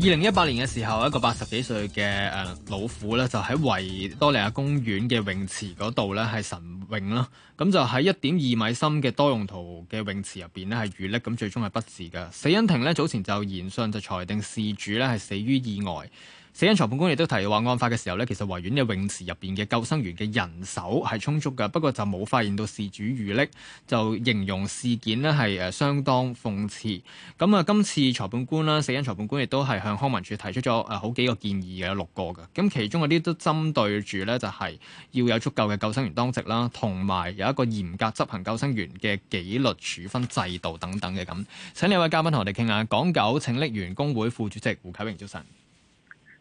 二零一八年嘅時候，一個八十幾歲嘅誒老婦咧，就喺維多利亞公園嘅泳池嗰度咧，係晨泳啦。咁就喺一點二米深嘅多用途嘅泳池入邊呢，係遇溺，咁最終係不治嘅。死因庭呢，早前就研訊就裁定事主呢係死於意外。死因裁判官亦都提話，案發嘅時候呢，其實維園嘅泳池入邊嘅救生員嘅人手係充足嘅，不過就冇發現到事主遇溺，就形容事件呢係誒相當諷刺。咁啊，今次裁判官啦，死因裁判官亦都係向康文署提出咗誒好幾個建議嘅，有六個嘅。咁其中嗰啲都針對住呢，就係要有足夠嘅救生員當值啦，同埋有一個嚴格執行救生員嘅紀律處分制度等等嘅咁。請兩位嘉賓同我哋傾下，港九拯溺員工會副主席胡啟榮，早晨。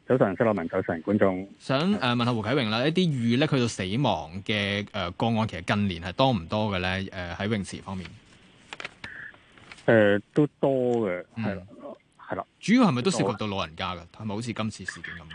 早上，新浪民早晨，觀眾想誒、呃，問下胡啟榮啦，一啲遇溺去到死亡嘅，誒個案，其實近年係多唔多嘅咧？誒、呃，喺泳池方面，誒、呃，都多嘅，係係啦，主要係咪都涉及了到老人家㗎？係咪好似今次事件咁？誒、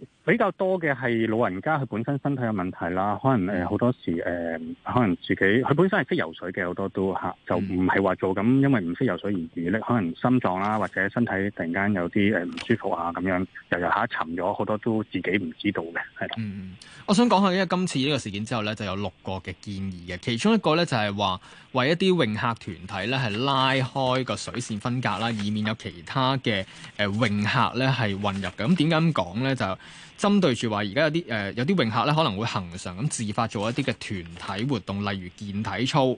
呃。比較多嘅係老人家，佢本身身體有問題啦，可能好多時、呃、可能自己佢本身係識游水嘅，好多都就唔係話做咁，因為唔識游水而而可能心臟啦或者身體突然間有啲呃、唔舒服啊咁樣，遊遊下沉咗，好多都自己唔知道嘅，係咯。嗯，我想講下，因為今次呢個事件之後咧，就有六個嘅建議嘅，其中一個咧就係話為一啲泳客團體咧係拉開個水線分隔啦，以免有其他嘅誒泳客咧係混入嘅。咁點解咁講咧？就針對住話而家有啲誒有啲泳客咧可能會恒常咁自發做一啲嘅團體活動，例如健體操。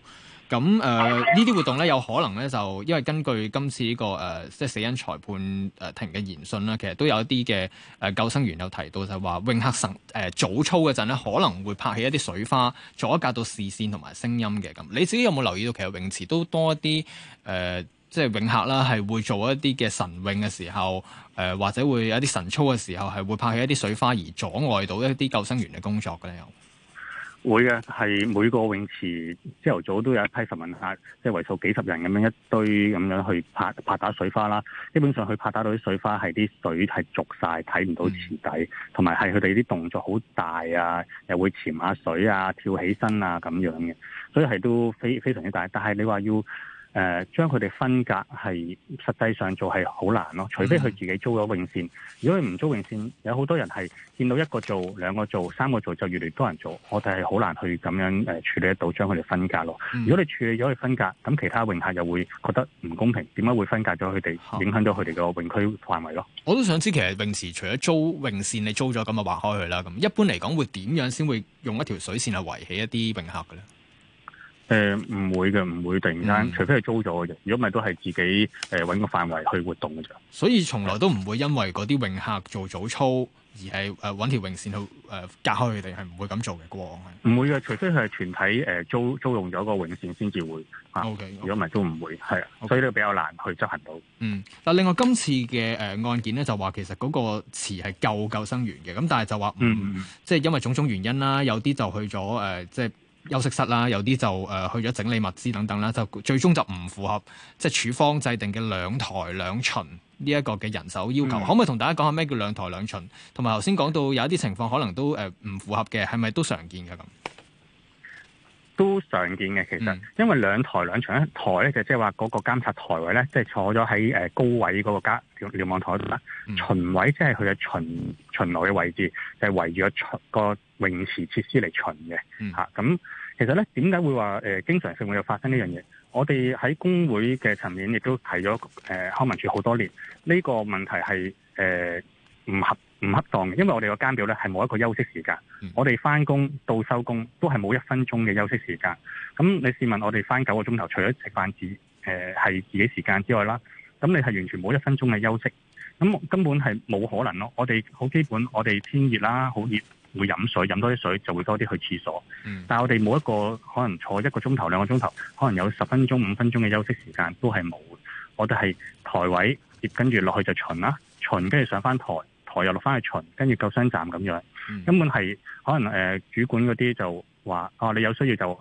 咁誒呢啲活動咧有可能咧就因為根據今次呢、呢個誒即係死因裁判誒庭嘅研訊啦，其實都有一啲嘅誒救生員有提到就係話泳客晨誒、呃、早操嗰陣咧可能會拍起一啲水花，阻隔到視線同埋聲音嘅。咁你自己有冇留意到其實泳池都多一啲誒？呃即係泳客啦，係會做一啲嘅晨泳嘅時候，誒、呃、或者會有一啲晨操嘅時候，係會拍起一啲水花而阻礙到一啲救生員嘅工作嘅又會嘅，係每個泳池朝頭早都有一批市民客，即係為數幾十人咁樣一堆咁樣去拍拍打水花啦。基本上佢拍打到啲水花係啲水係濁晒，睇唔到池底，同埋係佢哋啲動作好大啊，又會潛下水啊、跳起身啊咁樣嘅，所以係都非非常之大。但係你話要誒、呃、將佢哋分隔係實際上做係好難咯，除非佢自己租咗泳線。如果佢唔租泳線，有好多人係見到一個做兩個做三個做，就越嚟越多人做，我哋係好難去咁樣誒處理得到將佢哋分隔咯。嗯、如果你處理咗佢分隔，咁其他泳客又會覺得唔公平，點解會分隔咗佢哋，影響咗佢哋個泳區範圍咯？我都想知其實泳池除咗租泳線，你租咗咁就劃開佢啦。咁一般嚟講會點樣先會用一條水線嚟圍起一啲泳客嘅咧？誒，唔、呃、會嘅，唔會突然間，嗯、除非係租咗嘅，如果唔係都係自己誒搵、呃、個範圍去活動嘅啫。所以從來都唔會因為嗰啲泳客做早操而係誒搵條泳線去誒、呃、隔開佢哋，係唔會咁做嘅。唔會嘅，除非係全體誒、呃、租租用咗個泳線先至會。O K，如果唔係都唔會。係啊，所以都比較難去執行到。嗯，但另外今次嘅誒案件咧，就話其實嗰個池係救救生員嘅，咁但係就話，嗯，即係因為種種原因啦，有啲就去咗誒、呃，即係。休息室啦，有啲就誒去咗整理物資等等啦，就最終就唔符合即係、就是、處方制定嘅兩台兩巡呢一個嘅人手要求。嗯、可唔可以同大家講下咩叫兩台兩巡？同埋頭先講到有一啲情況可能都誒唔符合嘅，係咪都常見㗎咁？都常見嘅，其實因為兩台兩場，一台咧就即係話嗰個監察台位咧，即係坐咗喺誒高位嗰個瞭望台度啦。巡、嗯、位即係佢嘅巡巡邏嘅位置，就係圍住個個泳池設施嚟巡嘅嚇。咁、嗯啊、其實咧，點解會話誒、呃、經常性會有發生呢樣嘢？我哋喺工會嘅層面亦都提咗誒康文署好多年，呢個問題係誒唔合。唔恰當嘅，因為我哋個更表咧係冇一個休息時間。嗯、我哋翻工到收工都係冇一分鐘嘅休息時間。咁你試問我哋翻九個鐘頭，除咗食飯自呃係自己時間之外啦，咁你係完全冇一分鐘嘅休息。咁根本係冇可能咯。我哋好基本，我哋天熱啦，好熱會飲水，飲多啲水就會多啲去廁所。嗯、但係我哋冇一個可能坐一個鐘頭、兩個鐘頭，可能有十分鐘、五分鐘嘅休息時間都係冇。我哋係台位，跟住落去就巡啦，巡跟住上翻台。台又落翻去巡，跟住救生站咁樣，根本係可能、呃、主管嗰啲就話：哦、啊，你有需要就誒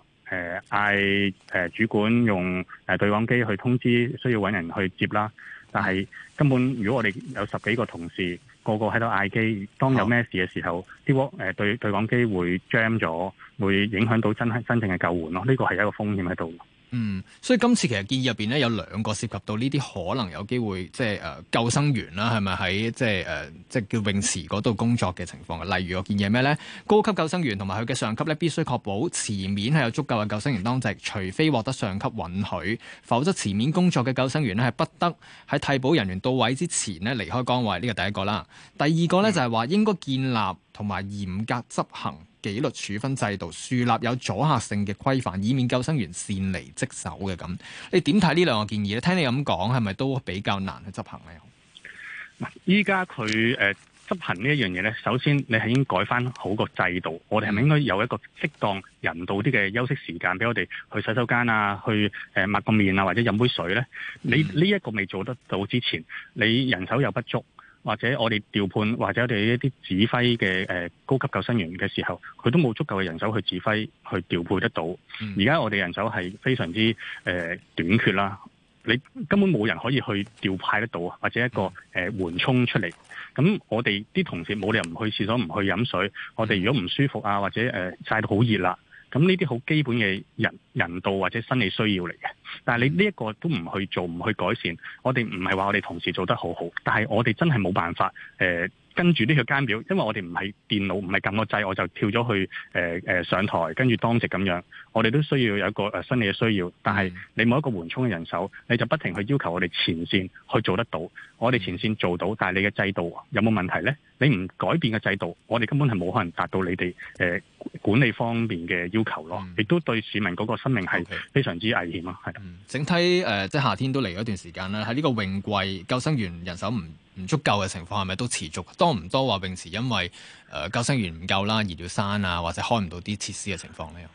嗌、呃呃、主管用對講機去通知需要搵人去接啦。但係根本，如果我哋有十幾個同事個個喺度嗌機，當有咩事嘅時候，啲話、oh. 呃、對對講機會 jam 咗，會影響到真真正嘅救援咯。呢個係一個風險喺度。嗯，所以今次其實建議入邊咧有兩個涉及到呢啲可能有機會即係誒、呃、救生員啦，係咪喺即係誒即係叫泳池嗰度工作嘅情況啊？例如我建議咩咧？高級救生員同埋佢嘅上級咧必須確保池面係有足夠嘅救生員當值，除非獲得上級允許，否則池面工作嘅救生員呢，係不得喺替補人員到位之前呢離開崗位。呢個第一個啦，第二個咧、嗯、就係話應該建立同埋嚴格執行。紀律處分制度樹立有阻嚇性嘅規範，以免救生員擅離職守嘅咁。你點睇呢兩個建議咧？聽你咁講，係咪都比較難去執行呢？嗱，依家佢誒執行呢一樣嘢咧，首先你係應該改翻好個制度。我哋係咪應該有一個適當人道啲嘅休息時間俾我哋去洗手間啊，去誒抹個面啊，或者飲杯水呢？你呢一個未做得到之前，你人手又不足。或者我哋調判，或者我哋一啲指揮嘅、呃、高級救生員嘅時候，佢都冇足夠嘅人手去指揮，去調配得到。而家、嗯、我哋人手係非常之、呃、短缺啦，你根本冇人可以去調派得到，或者一個誒、呃、緩衝出嚟。咁我哋啲同事冇理由唔去廁所，唔去飲水。我哋如果唔舒服啊，或者誒、呃、曬到好熱啦。咁呢啲好基本嘅人人道或者生理需要嚟嘅，但係你呢一個都唔去做，唔去改善，我哋唔係話我哋同事做得好好，但係我哋真係冇辦法，呃跟住呢個間表，因為我哋唔係電腦，唔係撳個掣，我就跳咗去，呃呃、上台，跟住當值咁樣。我哋都需要有一個，呃、生理嘅需要，但係你冇一個緩衝嘅人手，你就不停去要求我哋前線去做得到。我哋前線做到，但係你嘅制度有冇問題呢？你唔改變嘅制度，我哋根本係冇可能達到你哋，呃、管理方面嘅要求咯。亦都對市民嗰個生命係非常之危險 Okay. 的整體，呃、即係夏天都嚟咗段時間啦，喺呢個泳季，救生員人手唔唔足夠嘅情況，係咪都持續，多唔多話泳池因為誒救生員唔夠啦，而要閂啊或者開唔到啲設施嘅情況咧？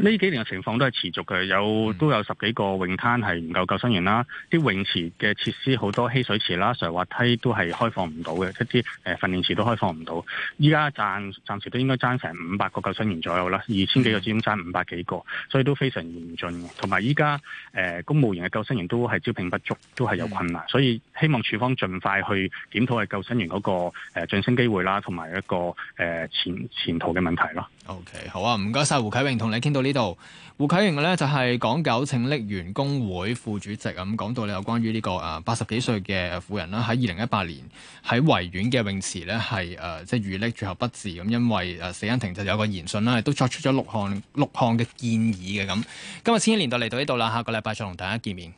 呢幾年嘅情況都係持續嘅，有都有十幾個泳灘係唔夠救生員啦，啲泳池嘅設施好多嬉水池啦、上滑梯都係開放唔到嘅，一啲訓練池都開放唔到。依家暫暫時都應該爭成五百個救生員左右啦，二千幾個之中爭五百幾個，所以都非常嚴峻嘅。同埋依家誒公務員嘅救生員都係招聘不足，都係有困難，嗯、所以希望處方盡快去檢討係救生員嗰、那個誒、呃、晉升機會啦，同埋一個誒、呃、前前途嘅問題咯。O.K. 好啊，唔該晒。胡啟榮，同你傾到呢度。胡啟榮咧就係、是、港九拯溺員工會副主席咁講、嗯、到你有關於呢、這個誒八十幾歲嘅婦人啦，喺二零一八年喺維園嘅泳池咧係誒即係遇溺，最後不治。咁、嗯、因為誒死、啊、因庭就有個言訊啦，亦、啊、都作出咗六項六項嘅建議嘅咁、嗯。今日千禧年代嚟到呢度啦，下個禮拜再同大家見面。